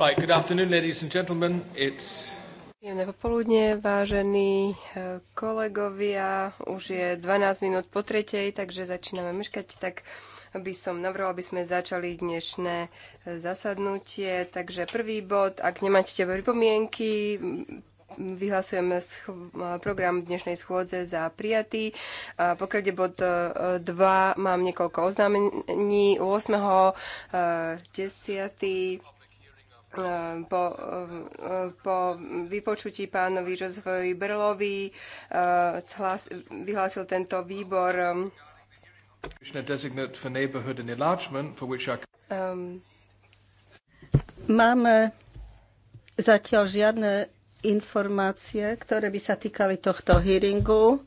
Right, good afternoon, ladies and gentlemen. It's Príjemné popoludne, vážení eh, kolegovia. Už je 12 minút po tretej, takže začíname meškať. Tak by som navrhol, aby sme začali dnešné eh, zasadnutie. Takže prvý bod, ak nemáte pripomienky, vyhlasujeme eh, program dnešnej schôdze za prijatý. Pokrade bod 2 mám niekoľko oznámení. 8. 10 Ehm, po, ehm, po vypočutí pánovi Jozefovi Brlovi ehm, vyhlásil tento výbor Máme zatiaľ žiadne informácie, ktoré by sa týkali tohto hearingu.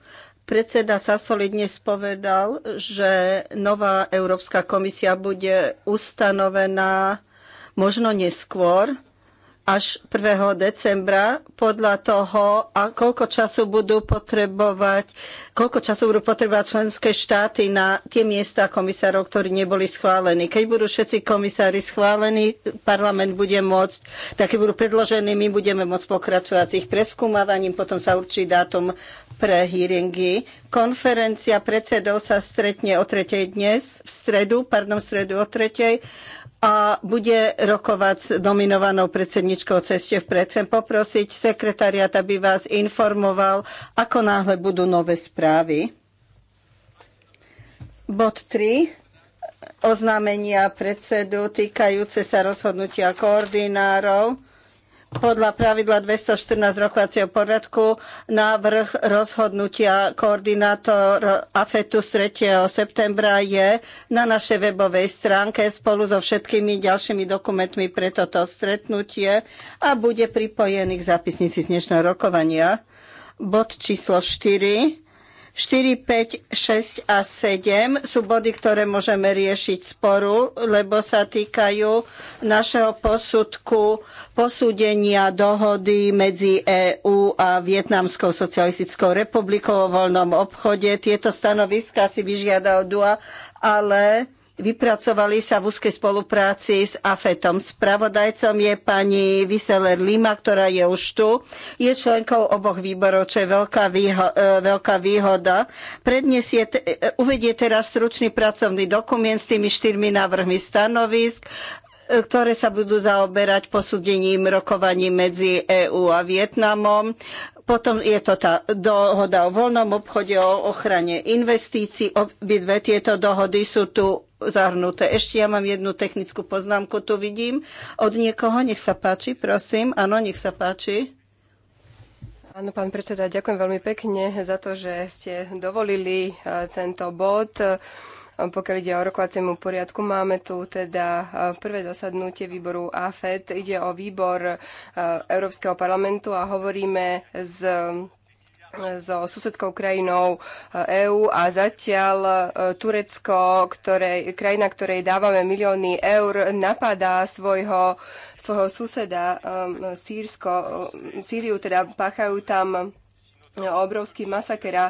Predseda Sasoli dnes povedal, že nová Európska komisia bude ustanovená možno neskôr, až 1. decembra podľa toho, a koľko času budú potrebovať, koľko času budú potrebovať členské štáty na tie miesta komisárov, ktorí neboli schválení. Keď budú všetci komisári schválení, parlament bude môcť, tak keď budú predložení, my budeme môcť pokračovať s ich preskúmavaním, potom sa určí dátum pre hearingy. Konferencia predsedov sa stretne o tretej dnes, v stredu, pardon, v stredu o tretej a bude rokovať s nominovanou predsedničkou ceste vpred. Chcem poprosiť sekretariat, aby vás informoval, ako náhle budú nové správy. Bod 3 oznámenia predsedu týkajúce sa rozhodnutia koordinárov podľa pravidla 214 rokovacieho poriadku návrh rozhodnutia koordinátor AFETu z 3. septembra je na našej webovej stránke spolu so všetkými ďalšími dokumentmi pre toto stretnutie a bude pripojený k zápisnici z dnešného rokovania. Bod číslo 4 4, 5, 6 a 7 sú body, ktoré môžeme riešiť sporu, lebo sa týkajú našeho posudku posúdenia dohody medzi EÚ a Vietnamskou socialistickou republikou o voľnom obchode. Tieto stanoviská si vyžiada DUA, ale Vypracovali sa v úzkej spolupráci s AFETom. Spravodajcom je pani Vyseler Lima, ktorá je už tu. Je členkou oboch výborov, čo je veľká, výho- e, veľká výhoda. Predniesie, te- e, uvedie teraz stručný pracovný dokument s tými štyrmi návrhmi stanovisk, e, ktoré sa budú zaoberať posúdením rokovaní medzi EÚ a Vietnamom. Potom je to tá dohoda o voľnom obchode, o ochrane investícií. Obidve tieto dohody sú tu zahrnuté. Ešte ja mám jednu technickú poznámku, tu vidím. Od niekoho, nech sa páči, prosím. Áno, nech sa páči. Áno, pán predseda, ďakujem veľmi pekne za to, že ste dovolili e, tento bod. E, pokiaľ ide o rokovaciemu poriadku, máme tu teda e, prvé zasadnutie výboru AFED. Ide o výbor Európskeho parlamentu a hovoríme s so susedkou krajinou eh, EÚ a zatiaľ eh, Turecko, ktoré, krajina, ktorej dávame milióny eur, napadá svojho, svojho suseda eh, Sýrsko, Sýriu, teda páchajú tam obrovský masaker a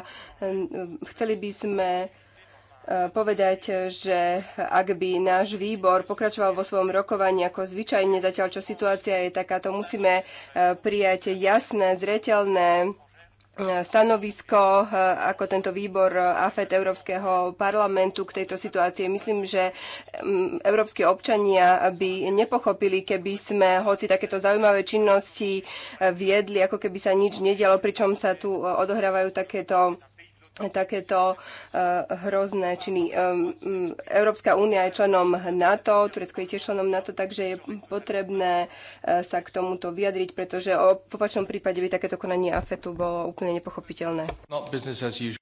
chceli by sme povedať, že ak by náš výbor pokračoval vo svojom rokovaní ako zvyčajne, zatiaľ čo situácia je taká, to musíme prijať jasné, zreteľné Eh, stanovisko eh, ako tento výbor eh, AFET Európskeho parlamentu k tejto situácii. Myslím, že mm, európsky občania by nepochopili, keby sme hoci takéto zaujímavé činnosti viedli, ako keby sa nič nedialo, pričom sa tu odohrávajú takéto takéto e, hrozné činy. E, Európska únia je členom NATO, Turecko je tiež členom NATO, takže je potrebné e, sa k tomuto vyjadriť, pretože v opačnom prípade by takéto konanie AFETu bolo úplne nepochopiteľné.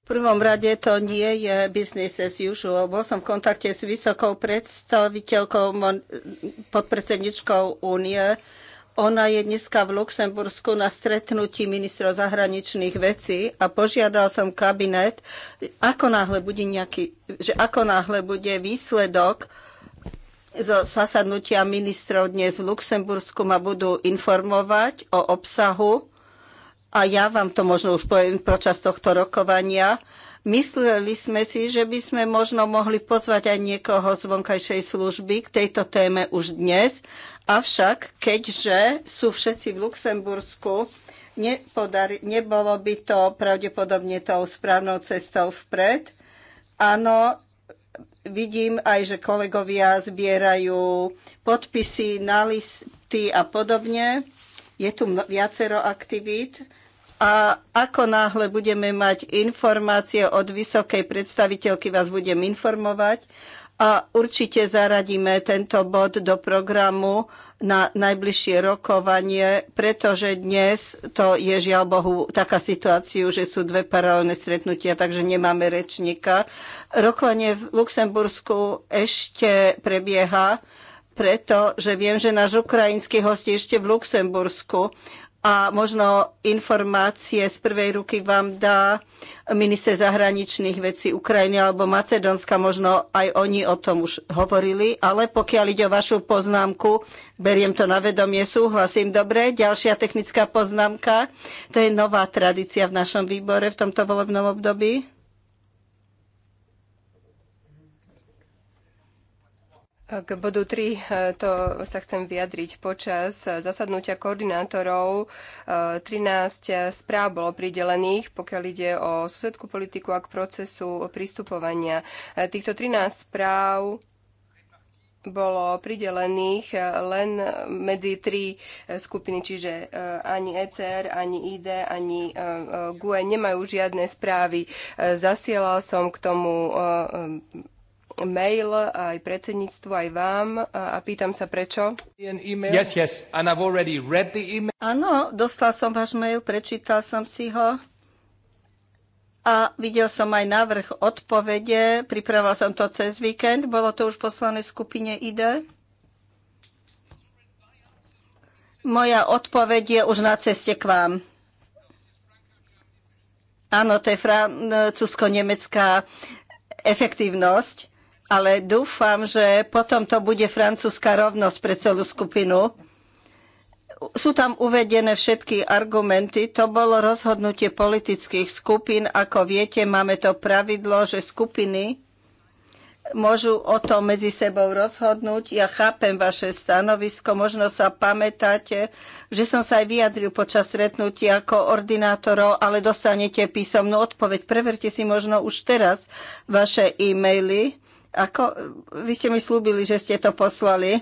V prvom rade to nie je business as usual. Bol som v kontakte s vysokou predstaviteľkou, podpredsedničkou únie ona je dneska v Luxembursku na stretnutí ministra zahraničných vecí a požiadal som kabinet, ako náhle bude, nejaký, že ako náhle bude výsledok zo zasadnutia ministrov dnes v Luxembursku ma budú informovať o obsahu a ja vám to možno už poviem počas tohto rokovania, Mysleli sme si, že by sme možno mohli pozvať aj niekoho z vonkajšej služby k tejto téme už dnes, avšak keďže sú všetci v Luxembursku, nepodari, nebolo by to pravdepodobne tou správnou cestou vpred. Áno, vidím aj, že kolegovia zbierajú podpisy na listy a podobne. Je tu viacero aktivít a ako náhle budeme mať informácie od vysokej predstaviteľky, vás budem informovať a určite zaradíme tento bod do programu na najbližšie rokovanie, pretože dnes to je žiaľ Bohu taká situáciu, že sú dve paralelné stretnutia, takže nemáme rečníka. Rokovanie v Luxembursku ešte prebieha, pretože viem, že náš ukrajinský host je ešte v Luxembursku a možno informácie z prvej ruky vám dá minister zahraničných vecí Ukrajiny alebo Macedónska, možno aj oni o tom už hovorili, ale pokiaľ ide o vašu poznámku, beriem to na vedomie, súhlasím. Dobre, ďalšia technická poznámka, to je nová tradícia v našom výbore v tomto volebnom období. K bodu 3 eh, to sa chcem vyjadriť. Počas zasadnutia koordinátorov 13 eh, správ bolo pridelených, pokiaľ ide o susedskú politiku a k procesu pristupovania. Eh, týchto 13 správ bolo pridelených len medzi tri skupiny, čiže ani ECR, ani ID, ani GUE nemajú žiadne správy. Zasielal som k tomu mail aj predsedníctvu, aj vám a pýtam sa prečo. Yes, yes. And I've already read the email. Áno, dostal som váš mail, prečítal som si ho. A videl som aj návrh odpovede, Pripravoval som to cez víkend, bolo to už poslané skupine ID. Moja odpoveď je už na ceste k vám. Áno, to je francúzsko-nemecká efektívnosť ale dúfam, že potom to bude francúzska rovnosť pre celú skupinu. Sú tam uvedené všetky argumenty. To bolo rozhodnutie politických skupín. Ako viete, máme to pravidlo, že skupiny môžu o tom medzi sebou rozhodnúť. Ja chápem vaše stanovisko, možno sa pamätáte, že som sa aj vyjadril počas stretnutia ako ordinátorov, ale dostanete písomnú odpoveď. Preverte si možno už teraz vaše e-maily. Ako, vy ste mi slúbili, že ste to poslali.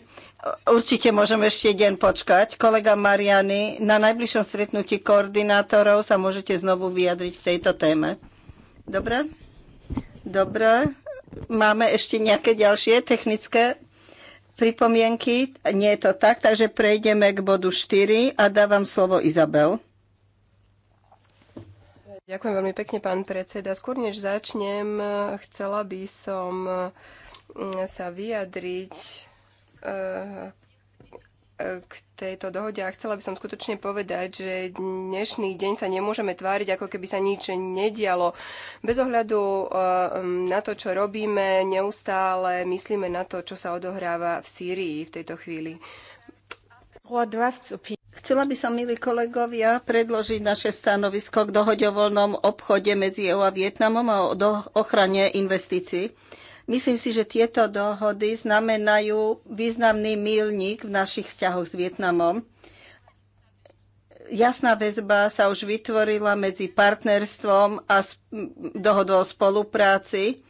Určite môžem ešte deň počkať. Kolega Mariany, na najbližšom stretnutí koordinátorov sa môžete znovu vyjadriť v tejto téme. Dobre? Dobre. Máme ešte nejaké ďalšie technické pripomienky? Nie je to tak, takže prejdeme k bodu 4 a dávam slovo Izabel. Ďakujem veľmi pekne, pán predseda. Skôr než začnem, chcela by som mm, sa vyjadriť eh, eh, k tejto dohode a chcela by som skutočne povedať, že dnešný deň sa nemôžeme tváriť, ako keby sa nič nedialo. Bez ohľadu eh, na to, čo robíme, neustále myslíme na to, čo sa odohráva v Sýrii v tejto chvíli. Chcela by som, milí kolegovia, predložiť naše stanovisko k dohode o voľnom obchode medzi EU a Vietnamom a o ochrane investícií. Myslím si, že tieto dohody znamenajú významný mílnik v našich vzťahoch s Vietnamom. Jasná väzba sa už vytvorila medzi partnerstvom a dohodou o spolupráci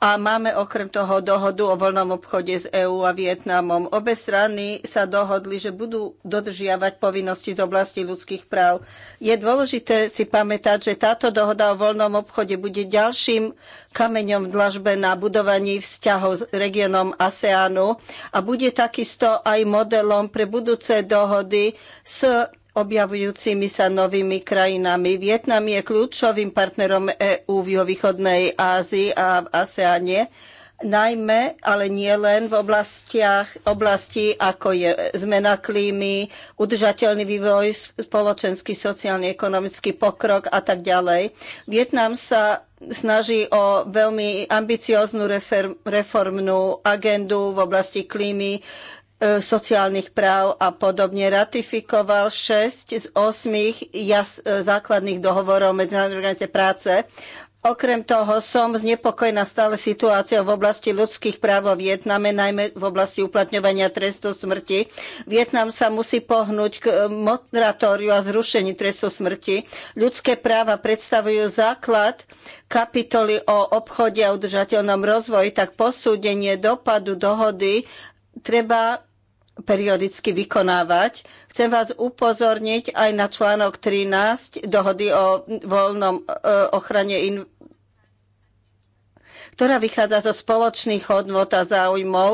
a máme okrem toho dohodu o voľnom obchode s EÚ a Vietnamom. Obe strany sa dohodli, že budú dodržiavať povinnosti z oblasti ľudských práv. Je dôležité si pamätať, že táto dohoda o voľnom obchode bude ďalším kameňom v dlažbe na budovaní vzťahov s regiónom ASEANu a bude takisto aj modelom pre budúce dohody s objavujúcimi sa novými krajinami. Vietnam je kľúčovým partnerom EÚ v juhovýchodnej Ázii a v ASEANe, najmä, ale nie len v oblastiach, oblasti ako je zmena klímy, udržateľný vývoj, spoločenský, sociálny, ekonomický pokrok a tak ďalej. Vietnam sa snaží o veľmi ambicióznu reformnú agendu v oblasti klímy, E, sociálnych práv a podobne ratifikoval 6 z 8 jas, e, základných dohovorov Medzinárodnej organizácie práce. Okrem toho som znepokojená stále situáciou v oblasti ľudských práv vo Vietname, najmä v oblasti uplatňovania trestu smrti. Vietnam sa musí pohnúť k e, moratóriu a zrušení trestu smrti. Ľudské práva predstavujú základ kapitoly o obchode a udržateľnom rozvoji, tak posúdenie dopadu dohody treba periodicky vykonávať. Chcem vás upozorniť aj na článok 13 dohody o voľnom e, ochrane in- ktorá vychádza zo spoločných hodnot a záujmov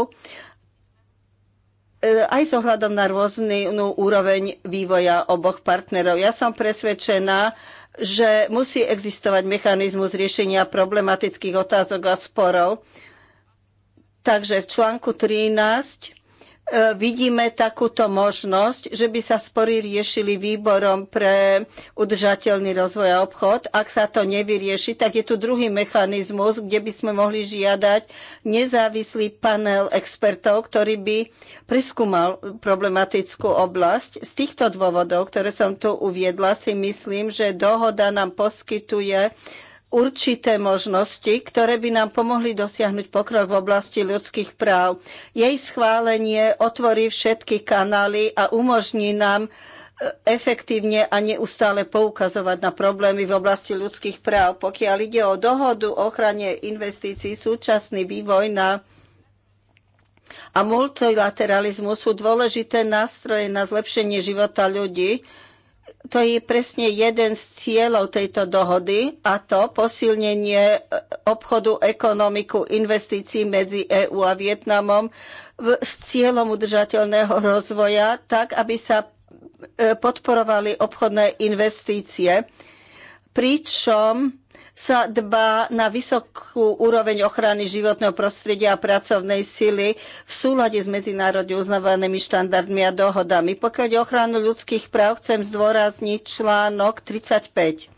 e, aj s ohľadom na rôznu úroveň vývoja oboch partnerov. Ja som presvedčená, že musí existovať mechanizmus riešenia problematických otázok a sporov. Takže v článku 13 E, vidíme takúto možnosť, že by sa spory riešili výborom pre udržateľný rozvoj a obchod. Ak sa to nevyrieši, tak je tu druhý mechanizmus, kde by sme mohli žiadať nezávislý panel expertov, ktorý by preskúmal problematickú oblasť. Z týchto dôvodov, ktoré som tu uviedla, si myslím, že dohoda nám poskytuje určité možnosti, ktoré by nám pomohli dosiahnuť pokrok v oblasti ľudských práv. Jej schválenie otvorí všetky kanály a umožní nám e, efektívne a neustále poukazovať na problémy v oblasti ľudských práv. Pokiaľ ide o dohodu o ochrane investícií, súčasný vývoj na a multilateralizmu sú dôležité nástroje na zlepšenie života ľudí, to je presne jeden z cieľov tejto dohody a to posilnenie e, obchodu, ekonomiku, investícií medzi EÚ a Vietnamom s cieľom udržateľného rozvoja, tak aby sa e, podporovali obchodné investície. Pričom sa dbá na vysokú úroveň ochrany životného prostredia a pracovnej sily v súlade s medzinárodne uznávanými štandardmi a dohodami. Pokiaľ je ochranu ľudských práv, chcem zdôrazniť článok 35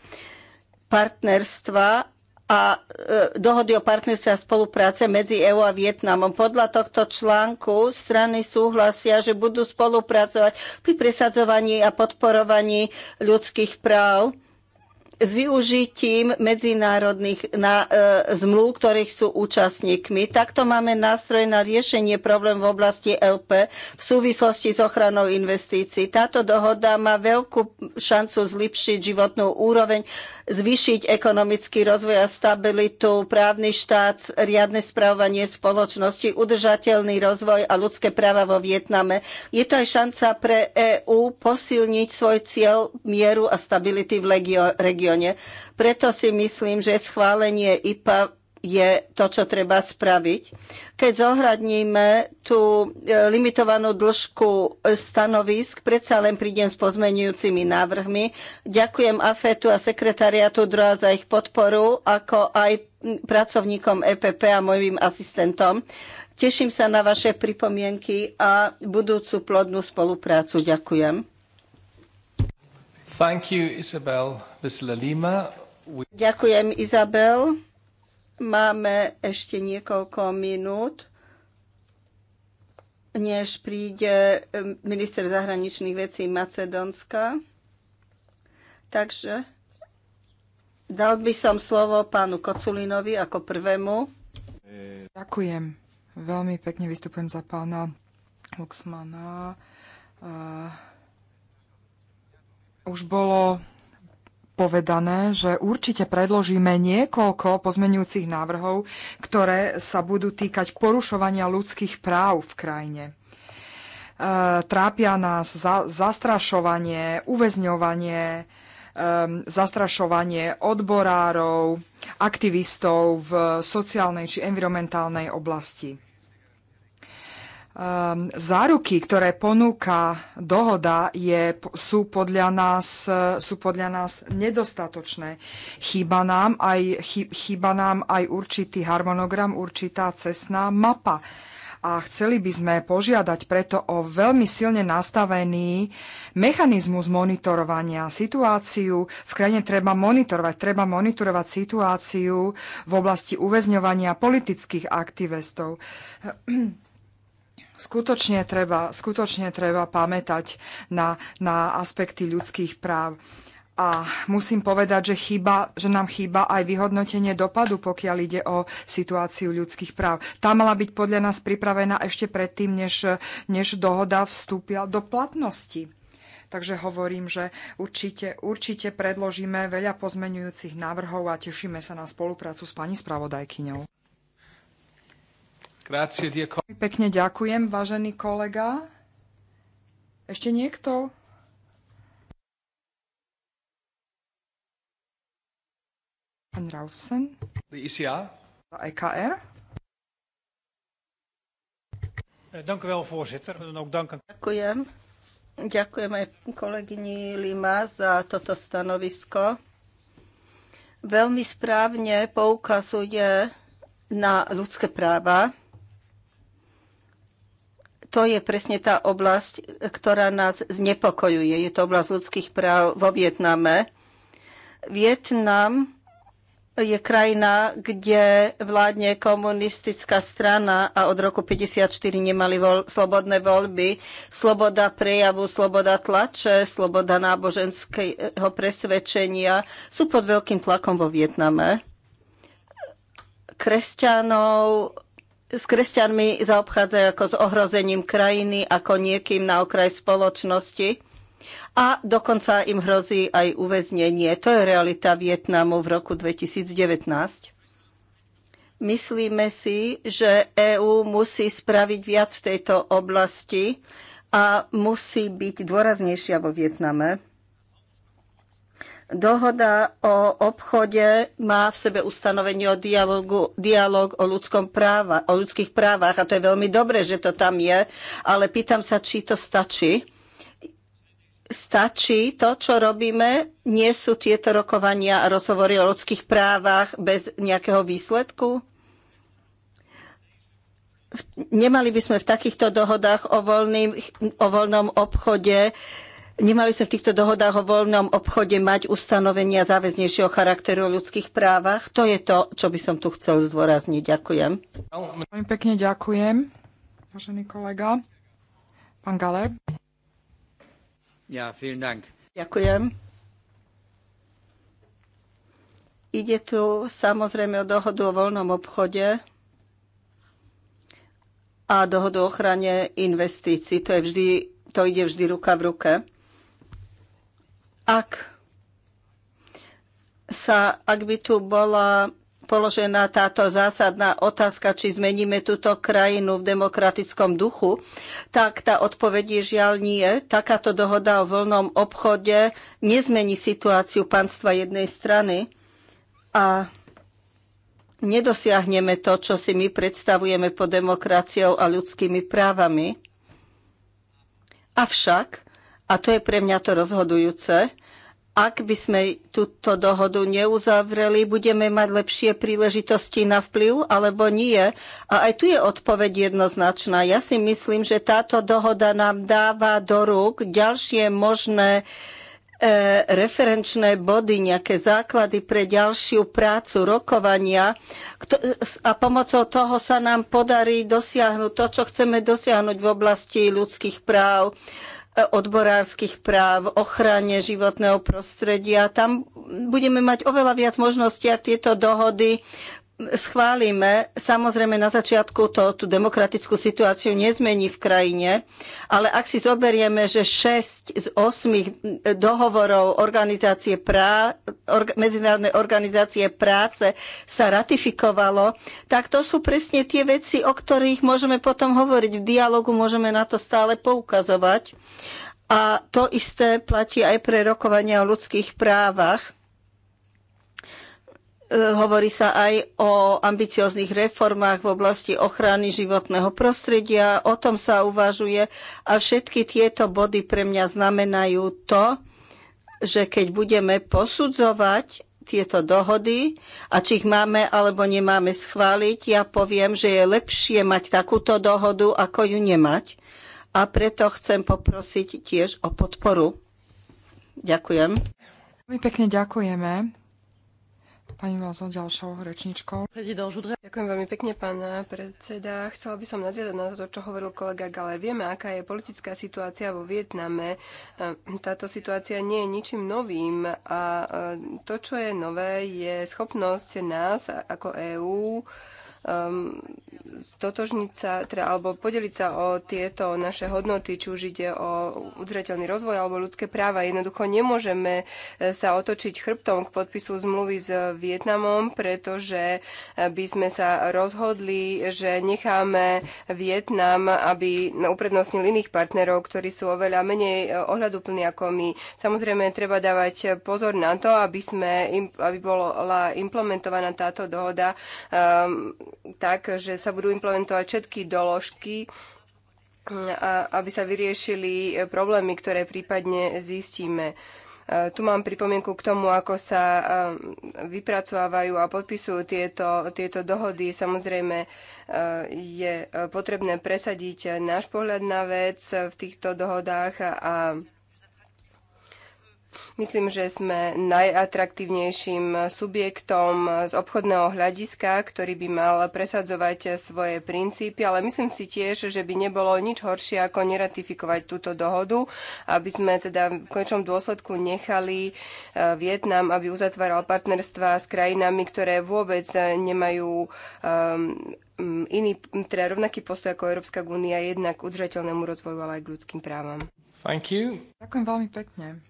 partnerstva a e, dohody o partnerstve a spolupráce medzi EÚ a Vietnamom. Podľa tohto článku strany súhlasia, že budú spolupracovať pri presadzovaní a podporovaní ľudských práv s využitím medzinárodných na, e, zmluv, ktorých sú účastníkmi. Takto máme nástroj na riešenie problém v oblasti LP v súvislosti s ochranou investícií. Táto dohoda má veľkú šancu zlepšiť životnú úroveň, zvýšiť ekonomický rozvoj a stabilitu, právny štát, riadne správanie spoločnosti, udržateľný rozvoj a ľudské práva vo Vietname. Je to aj šanca pre EÚ posilniť svoj cieľ mieru a stability v regióne regióne. Preto si myslím, že schválenie IPA je to, čo treba spraviť. Keď zohradníme tú e, limitovanú dĺžku e, stanovisk, predsa len prídem s pozmenujúcimi návrhmi. Ďakujem AFETu a sekretariatu DROA za ich podporu, ako aj pracovníkom EPP a mojim asistentom. Teším sa na vaše pripomienky a budúcu plodnú spoluprácu. Ďakujem. Thank Isabel Ďakujem, Izabel. Máme ešte niekoľko minút, než príde minister zahraničných vecí Macedónska. Takže dal by som slovo pánu Koculinovi ako prvému. Ďakujem. Veľmi pekne vystupujem za pána Luxmana. Uh už bolo povedané, že určite predložíme niekoľko pozmenujúcich návrhov, ktoré sa budú týkať porušovania ľudských práv v krajine. E, trápia nás za, zastrašovanie, uväzňovanie, e, zastrašovanie odborárov, aktivistov v sociálnej či environmentálnej oblasti um, záruky, ktoré ponúka dohoda, je, sú, podľa nás, sú podľa nás nedostatočné. Chýba nám, aj, chýba nám aj určitý harmonogram, určitá cestná mapa. A chceli by sme požiadať preto o veľmi silne nastavený mechanizmus monitorovania situáciu. V krajine treba monitorovať, treba monitorovať situáciu v oblasti uväzňovania politických aktivistov Skutočne treba, skutočne treba pamätať na, na aspekty ľudských práv. A musím povedať, že, chýba, že nám chýba aj vyhodnotenie dopadu, pokiaľ ide o situáciu ľudských práv. Tá mala byť podľa nás pripravená ešte predtým, než, než dohoda vstúpila do platnosti. Takže hovorím, že určite, určite predložíme veľa pozmenujúcich návrhov a tešíme sa na spoluprácu s pani spravodajkyňou. Pekne ďakujem, vážený kolega. Ešte niekto? Pán Rausen? EKR? E e dank u wel, voorzitter. En ook dank aan... Ďakujem. Ďakujem aj kolegyni Lima za toto stanovisko. Veľmi správne poukazuje na ľudské práva to je presne tá oblasť, ktorá nás znepokojuje. Je to oblasť ľudských práv vo Vietname. Vietnam je krajina, kde vládne komunistická strana a od roku 1954 nemali voľ, slobodné voľby, sloboda prejavu, sloboda tlače, sloboda náboženského presvedčenia sú pod veľkým tlakom vo Vietname. Kresťanov s kresťanmi zaobchádzajú ako s ohrozením krajiny, ako niekým na okraj spoločnosti a dokonca im hrozí aj uväznenie. To je realita Vietnamu v roku 2019. Myslíme si, že EÚ musí spraviť viac v tejto oblasti a musí byť dôraznejšia vo Vietname. Dohoda o obchode má v sebe ustanovenie o dialogu, dialog o, ľudskom práva, o ľudských právach a to je veľmi dobré, že to tam je, ale pýtam sa, či to stačí. Stačí to, čo robíme? Nie sú tieto rokovania a rozhovory o ľudských právach bez nejakého výsledku? Nemali by sme v takýchto dohodách o, voľný, o voľnom obchode uh, Nemali sme v týchto dohodách o voľnom obchode mať ustanovenia záväznejšieho charakteru o ľudských právach? To je to, čo by som tu chcel zdôrazniť. Ďakujem. Veľmi pekne ďakujem, vážený kolega. Pán Galeb. Ja, vielen Dank. Ďakujem. Ide tu samozrejme o dohodu o voľnom obchode a dohodu o ochrane investícií. To, je vždy, to ide vždy ruka v ruke. Ak, sa, ak by tu bola položená táto zásadná otázka, či zmeníme túto krajinu v demokratickom duchu, tak tá odpoveď je žiaľ nie. Takáto dohoda o voľnom obchode nezmení situáciu panstva jednej strany a nedosiahneme to, čo si my predstavujeme pod demokraciou a ľudskými právami. Avšak, a to je pre mňa to rozhodujúce, ak by sme túto dohodu neuzavreli, budeme mať lepšie príležitosti na vplyv alebo nie? A aj tu je odpoveď jednoznačná. Ja si myslím, že táto dohoda nám dáva do rúk ďalšie možné e, referenčné body, nejaké základy pre ďalšiu prácu, rokovania a pomocou toho sa nám podarí dosiahnuť to, čo chceme dosiahnuť v oblasti ľudských práv, odborárskych práv, ochrane životného prostredia. Tam budeme mať oveľa viac možností, ak tieto dohody schválime, samozrejme na začiatku to, tú demokratickú situáciu nezmení v krajine, ale ak si zoberieme, že 6 z 8 dohovorov organizácie prá, orga, Medzinárodnej organizácie práce sa ratifikovalo, tak to sú presne tie veci, o ktorých môžeme potom hovoriť. V dialogu môžeme na to stále poukazovať. A to isté platí aj pre rokovania o ľudských právach E, hovorí sa aj o ambicióznych reformách v oblasti ochrany životného prostredia, o tom sa uvažuje a všetky tieto body pre mňa znamenajú to, že keď budeme posudzovať tieto dohody a či ich máme alebo nemáme schváliť, ja poviem, že je lepšie mať takúto dohodu, ako ju nemať. A preto chcem poprosiť tiež o podporu. Ďakujem. Veľmi pekne ďakujeme pani Lazo ďalšou rečničkou. Ďakujem veľmi pekne, pán predseda. Chcela by som nadviazať na to, čo hovoril kolega Galer. Vieme, aká je politická situácia vo Vietname. Ehm, táto situácia nie je ničím novým a ehm, to, čo je nové, je schopnosť nás ako EÚ um, stotožniť sa, teda, alebo podeliť sa o tieto naše hodnoty, či už ide o udržateľný rozvoj alebo ľudské práva. Jednoducho nemôžeme e, sa otočiť chrbtom k podpisu zmluvy s Vietnamom, pretože e, by sme sa rozhodli, že necháme Vietnam, aby uprednostnil iných partnerov, ktorí sú oveľa menej e, ohľaduplní ako my. Samozrejme, treba dávať pozor na to, aby, sme, aby bola implementovaná táto dohoda ehm, tak, že sa budú implementovať všetky doložky, aby sa vyriešili problémy, ktoré prípadne zistíme. E, tu mám pripomienku k tomu, ako sa e, vypracovávajú a podpisujú tieto, tieto dohody. Samozrejme e, je potrebné presadiť náš pohľad na vec v týchto dohodách a Myslím, že sme najatraktívnejším subjektom z obchodného hľadiska, ktorý by mal presadzovať svoje princípy, ale myslím si tiež, že by nebolo nič horšie, ako neratifikovať túto dohodu, aby sme teda v končnom dôsledku nechali e, Vietnam, aby uzatváral partnerstva s krajinami, ktoré vôbec nemajú um, iný, teda rovnaký postoj ako Európska únia jednak k udržateľnému rozvoju, ale aj k ľudským právam. Thank you. Ďakujem veľmi pekne.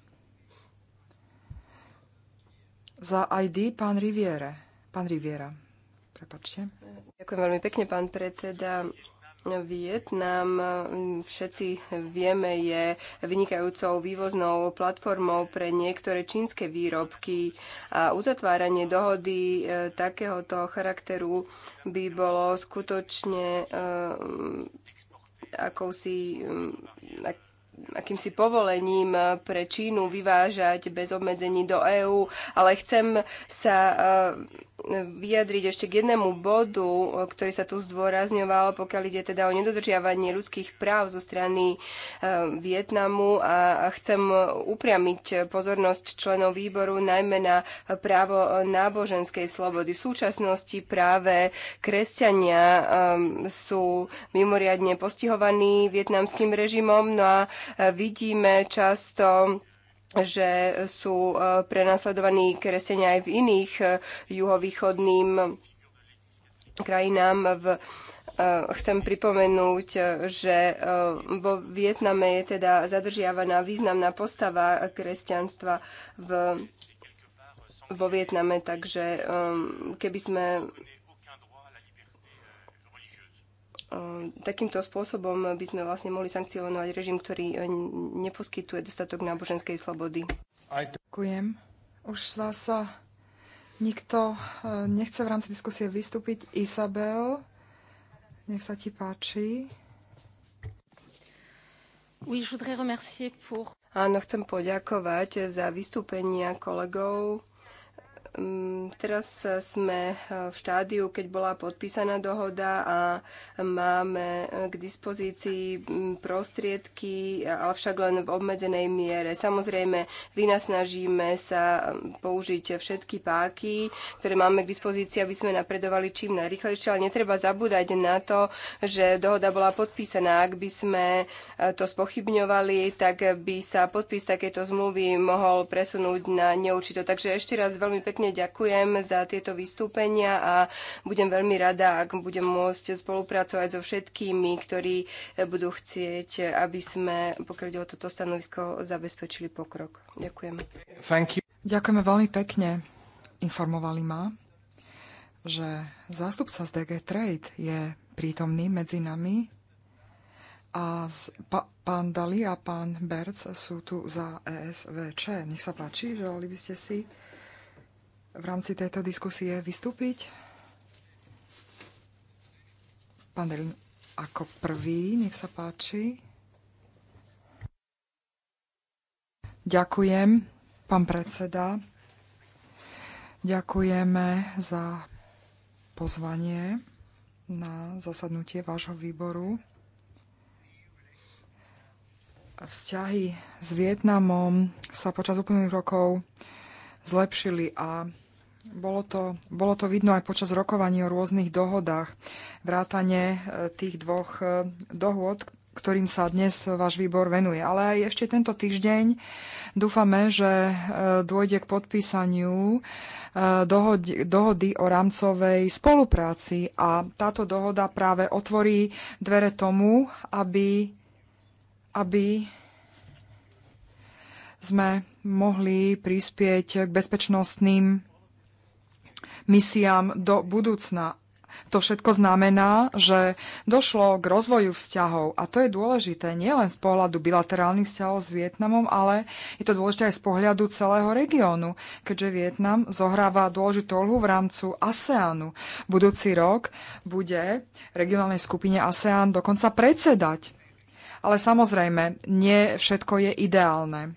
Za ID pán Riviere. Pán Riviera. Prepačte. Ďakujem veľmi pekne, pán predseda. Vietnam, všetci vieme, je vynikajúcou vývoznou platformou pre niektoré čínske výrobky a uzatváranie dohody e, takéhoto charakteru by bolo skutočne e, akousi akýmsi povolením eh, pre Čínu vyvážať bez obmedzení do EÚ, ale chcem sa eh, vyjadriť ešte k jednému bodu, e, ktorý sa tu zdôrazňoval, pokiaľ ide teda o nedodržiavanie ľudských práv zo strany e, Vietnamu a chcem upriamiť pozornosť členov výboru najmä na právo náboženskej slobody. V súčasnosti práve kresťania e, sú mimoriadne postihovaní vietnamským režimom, no a vidíme často že sú e, prenasledovaní kresťania aj v iných e, juhovýchodným e, krajinám v Chcem pripomenúť, že vo Vietname je teda zadržiavaná významná postava kresťanstva v, vo Vietname, takže keby sme E, takýmto spôsobom by sme vlastne mohli sankcionovať režim, ktorý e, neposkytuje dostatok náboženskej slobody. Ďakujem. Už zasa nikto e, nechce v rámci diskusie vystúpiť. Isabel, nech sa ti páči. Oui, je voudrais remercier pour... Áno, chcem poďakovať za vystúpenia kolegov. Mm, teraz sme eh, v štádiu, keď bola podpísaná dohoda a máme eh, k dispozícii mm, prostriedky, ale však len v obmedzenej miere. Samozrejme, vynasnažíme sa mm, použiť všetky páky, ktoré máme k dispozícii, aby sme napredovali čím najrychlejšie, ale netreba zabúdať na to, že dohoda bola podpísaná. Ak by sme eh, to spochybňovali, tak by sa podpis takéto zmluvy mohol presunúť na neurčito. Takže ešte raz veľmi pekne pekne ďakujem za tieto vystúpenia a budem veľmi rada, ak budem môcť spolupracovať so všetkými, ktorí budú chcieť, aby sme, pokiaľ o toto stanovisko, zabezpečili pokrok. Ďakujem. Ďakujeme veľmi pekne. Informovali ma, že zástupca z DG Trade je prítomný medzi nami a z, pa, pán Dali a pán Berc sú tu za ESVČ. Nech sa páči, želali by ste si v rámci tejto diskusie vystúpiť? Pán Delin, ako prvý, nech sa páči. Ďakujem, pán predseda. Ďakujeme za pozvanie na zasadnutie vášho výboru. Vzťahy s Vietnamom sa počas uplynulých rokov zlepšili a bolo to, bolo to vidno aj počas rokovaní o rôznych dohodách, vrátane e, tých dvoch e, dohod, ktorým sa dnes váš výbor venuje. Ale aj ešte tento týždeň dúfame, že e, dôjde k podpísaniu dohody, dohody o rámcovej spolupráci a táto dohoda práve otvorí dvere tomu, aby, aby sme mohli prispieť k bezpečnostným misiám do budúcna. To všetko znamená, že došlo k rozvoju vzťahov a to je dôležité nielen z pohľadu bilaterálnych vzťahov s Vietnamom, ale je to dôležité aj z pohľadu celého regiónu, keďže Vietnam zohráva dôležitú úlohu v rámcu ASEANu. Budúci rok bude regionálnej skupine ASEAN dokonca predsedať. Ale samozrejme, nie všetko je ideálne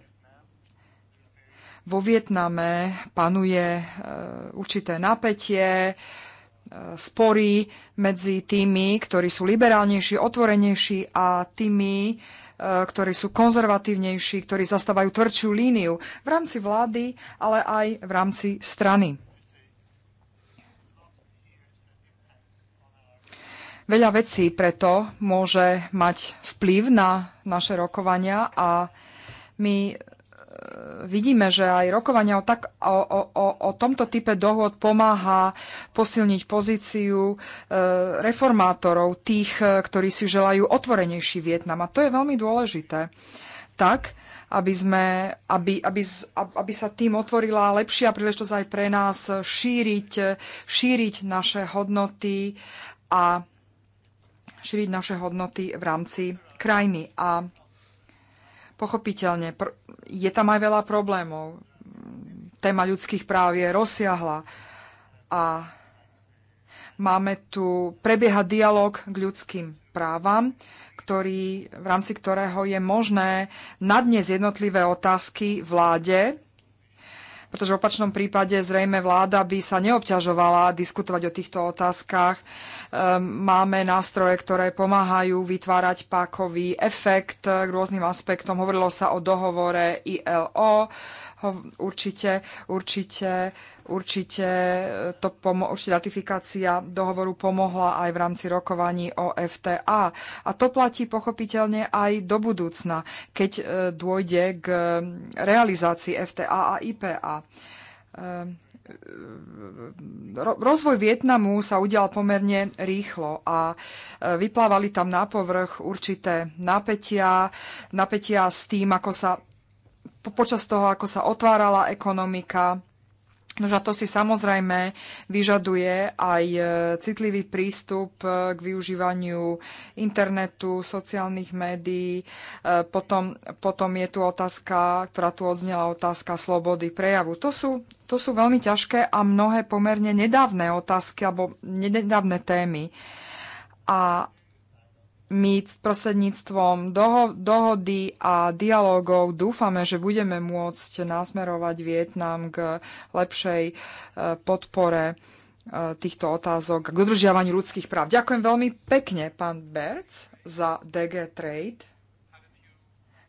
vo Vietname panuje e, určité napätie, e, spory medzi tými, ktorí sú liberálnejší, otvorenejší a tými, e, ktorí sú konzervatívnejší, ktorí zastávajú tvrdšiu líniu v rámci vlády, ale aj v rámci strany. Veľa vecí preto môže mať vplyv na naše rokovania a my vidíme, že aj rokovania o, tak, o, o, o tomto type dohod pomáha posilniť pozíciu e, reformátorov, tých, e, ktorí si želajú otvorenejší Vietnam. A to je veľmi dôležité. Tak, aby, sme, aby, aby, aby sa tým otvorila lepšia príležitosť aj pre nás šíriť, šíriť naše hodnoty a šíriť naše hodnoty v rámci krajiny. A Pochopiteľne, je tam aj veľa problémov. Téma ľudských práv je rozsiahla a máme tu, prebieha dialog k ľudským právam, ktorý, v rámci ktorého je možné nadniesť jednotlivé otázky vláde pretože v opačnom prípade zrejme vláda by sa neobťažovala diskutovať o týchto otázkach. Ehm, máme nástroje, ktoré pomáhajú vytvárať pákový efekt k rôznym aspektom. Hovorilo sa o dohovore ILO, určite, určite Určite, e, to pomo- určite ratifikácia dohovoru pomohla aj v rámci rokovaní o FTA. A to platí pochopiteľne aj do budúcna, keď e, dôjde k realizácii FTA a IPA e, rozvoj Vietnamu sa udial pomerne rýchlo a vyplávali tam na povrch určité napätia, napätia s tým, ako sa počas toho, ako sa otvárala ekonomika, Nož a to si samozrejme vyžaduje aj e, citlivý prístup e, k využívaniu internetu, sociálnych médií. E, potom, potom je tu otázka, ktorá tu odznela, otázka slobody prejavu. To sú, to sú veľmi ťažké a mnohé pomerne nedávne otázky alebo nedávne témy. A my prostredníctvom doho- dohody a dialogov dúfame, že budeme môcť nasmerovať Vietnam k lepšej e, podpore e, týchto otázok k dodržiavaniu ľudských práv. Ďakujem veľmi pekne, pán Berc, za DG Trade.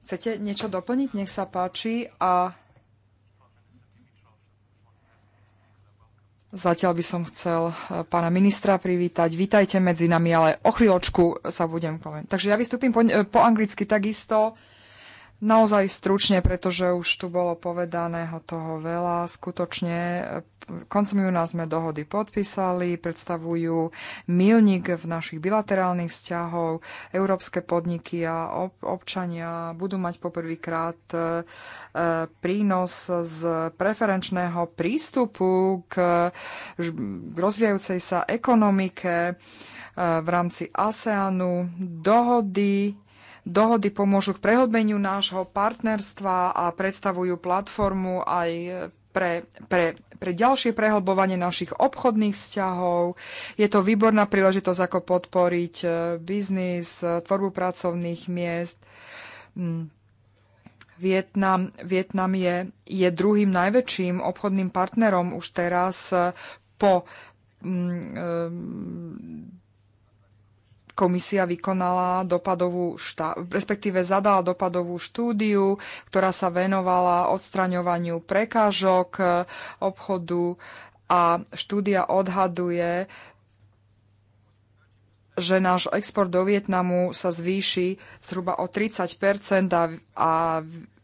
Chcete niečo doplniť? Nech sa páči. A Zatiaľ by som chcel eh, pána ministra privítať. Vítajte medzi nami, ale o chvíľočku sa budem komentovať. Takže ja vystúpim po, eh, po anglicky takisto. Naozaj stručne, pretože už tu bolo povedaného toho veľa. Skutočne koncom júna sme dohody podpísali, predstavujú milník v našich bilaterálnych vzťahov. Európske podniky a občania budú mať poprvýkrát e, prínos z preferenčného prístupu k rozvíjajúcej sa ekonomike e, v rámci ASEANu. Dohody Dohody pomôžu k prehlbeniu nášho partnerstva a predstavujú platformu aj pre, pre, pre ďalšie prehlbovanie našich obchodných vzťahov. Je to výborná príležitosť, ako podporiť e, biznis, e, tvorbu pracovných miest. Mm. Vietnam, Vietnam je, je druhým najväčším obchodným partnerom už teraz e, po mm, komisia vykonala dopadovú štá... respektíve zadala dopadovú štúdiu, ktorá sa venovala odstraňovaniu prekážok e, obchodu a štúdia odhaduje, že náš export do Vietnamu sa zvýši zhruba o 30 a, a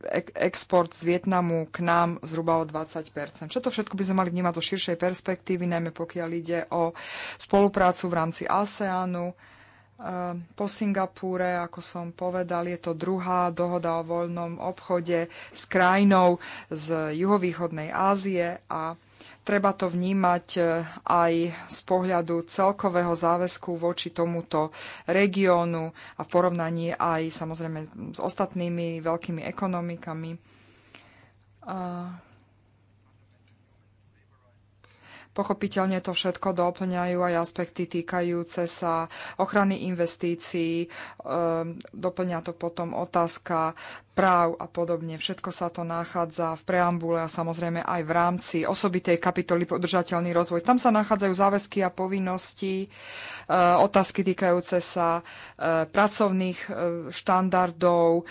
e, export z Vietnamu k nám zhruba o 20 Čo to všetko by sme mali vnímať do širšej perspektívy, najmä pokiaľ ide o spoluprácu v rámci ASEANu. Ehm, po Singapúre, ako som povedal, je to druhá dohoda o voľnom obchode s krajinou z juhovýchodnej Ázie a treba to vnímať e, aj z pohľadu celkového záväzku voči tomuto regiónu a v porovnaní aj samozrejme s ostatnými veľkými ekonomikami. Ehm, Pochopiteľne to všetko doplňajú aj aspekty týkajúce sa ochrany investícií, ehm, doplňa to potom otázka práv a podobne. Všetko sa to nachádza v preambule a samozrejme aj v rámci osobitej kapitoly podržateľný rozvoj. Tam sa nachádzajú záväzky a povinnosti, ehm, otázky týkajúce sa ehm, pracovných štandardov,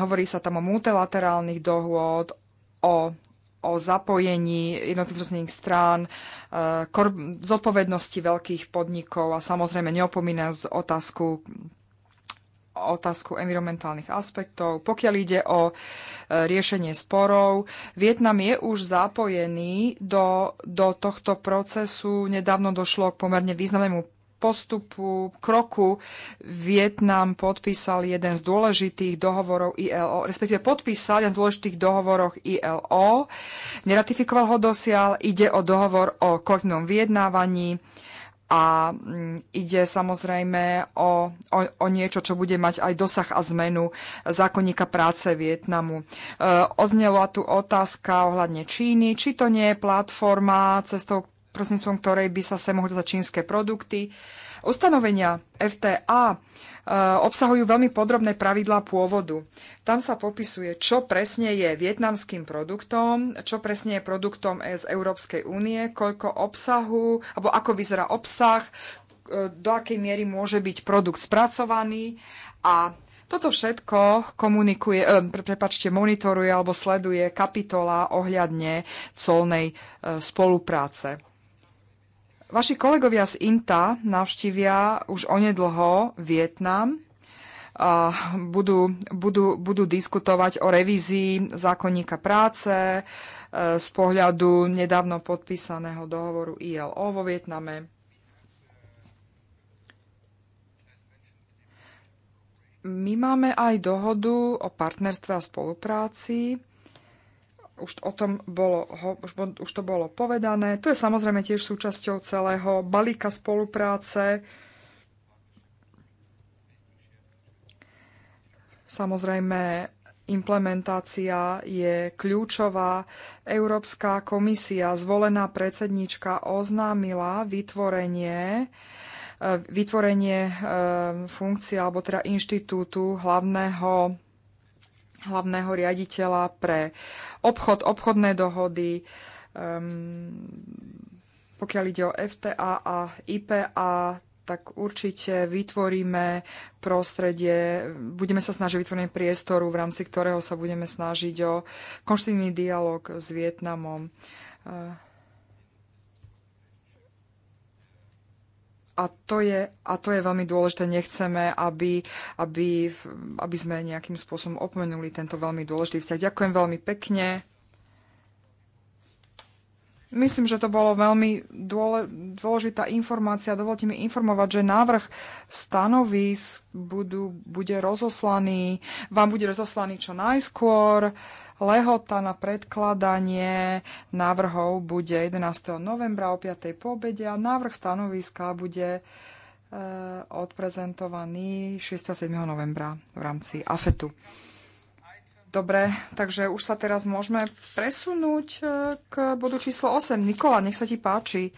hovorí sa tam o multilaterálnych dohôd, o o zapojení jednotlivých strán, e, zodpovednosti veľkých podnikov a samozrejme neopomínajú otázku otázku environmentálnych aspektov. Pokiaľ ide o e, riešenie sporov, Vietnam je už zapojený do, do tohto procesu. Nedávno došlo k pomerne významnému postupu, kroku Vietnam podpísal jeden z dôležitých dohovorov ILO, respektíve podpísal jeden z dôležitých dohovoroch ILO, neratifikoval ho dosiaľ, ide o dohovor o kolektívnom vyjednávaní a mm, ide samozrejme o, o, o niečo, čo bude mať aj dosah a zmenu zákonníka práce Vietnamu. E, oznelo tu otázka ohľadne Číny, či to nie je platforma, cestou prostredníctvom ktorej by sa sem mohli dať čínske produkty. Ustanovenia FTA e, obsahujú veľmi podrobné pravidlá pôvodu. Tam sa popisuje, čo presne je vietnamským produktom, čo presne je produktom z Európskej únie, koľko obsahu, alebo ako vyzerá obsah, e, do akej miery môže byť produkt spracovaný a toto všetko komunikuje, e, prepačte, monitoruje alebo sleduje kapitola ohľadne colnej e, spolupráce. Vaši kolegovia z INTA navštívia už onedlho Vietnam a budú, budú, budú diskutovať o revízii zákonníka práce e, z pohľadu nedávno podpísaného dohovoru ILO vo Vietname. My máme aj dohodu o partnerstve a spolupráci už o tom bolo, už, už to bolo povedané. To je samozrejme tiež súčasťou celého balíka spolupráce. Samozrejme, implementácia je kľúčová. Európska komisia, zvolená predsednička, oznámila vytvorenie e, vytvorenie e, funkcie alebo teda inštitútu hlavného hlavného riaditeľa pre obchod, obchodné dohody, um, pokiaľ ide o FTA a IPA, tak určite vytvoríme prostredie, budeme sa snažiť vytvoriť priestoru, v rámci ktorého sa budeme snažiť o konštitutívny dialog s Vietnamom. Uh, a to je, a to je veľmi dôležité. Nechceme, aby, aby, aby sme nejakým spôsobom opomenuli tento veľmi dôležitý vzťah. Ďakujem veľmi pekne. Myslím, že to bolo veľmi dôležitá informácia. Dovolte mi informovať, že návrh stanovisk budú, bude rozoslaný, vám bude rozoslaný čo najskôr. Uh, Lehota na predkladanie návrhov bude 11. novembra o 5. pobede a návrh stanoviska bude e, odprezentovaný 6. a 7. novembra v rámci AFETu. Dobre, takže už sa teraz môžeme presunúť e, k bodu číslo 8. Nikola, nech sa ti páči.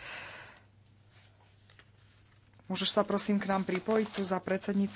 Môžeš sa prosím k nám pripojiť tu za predsednícky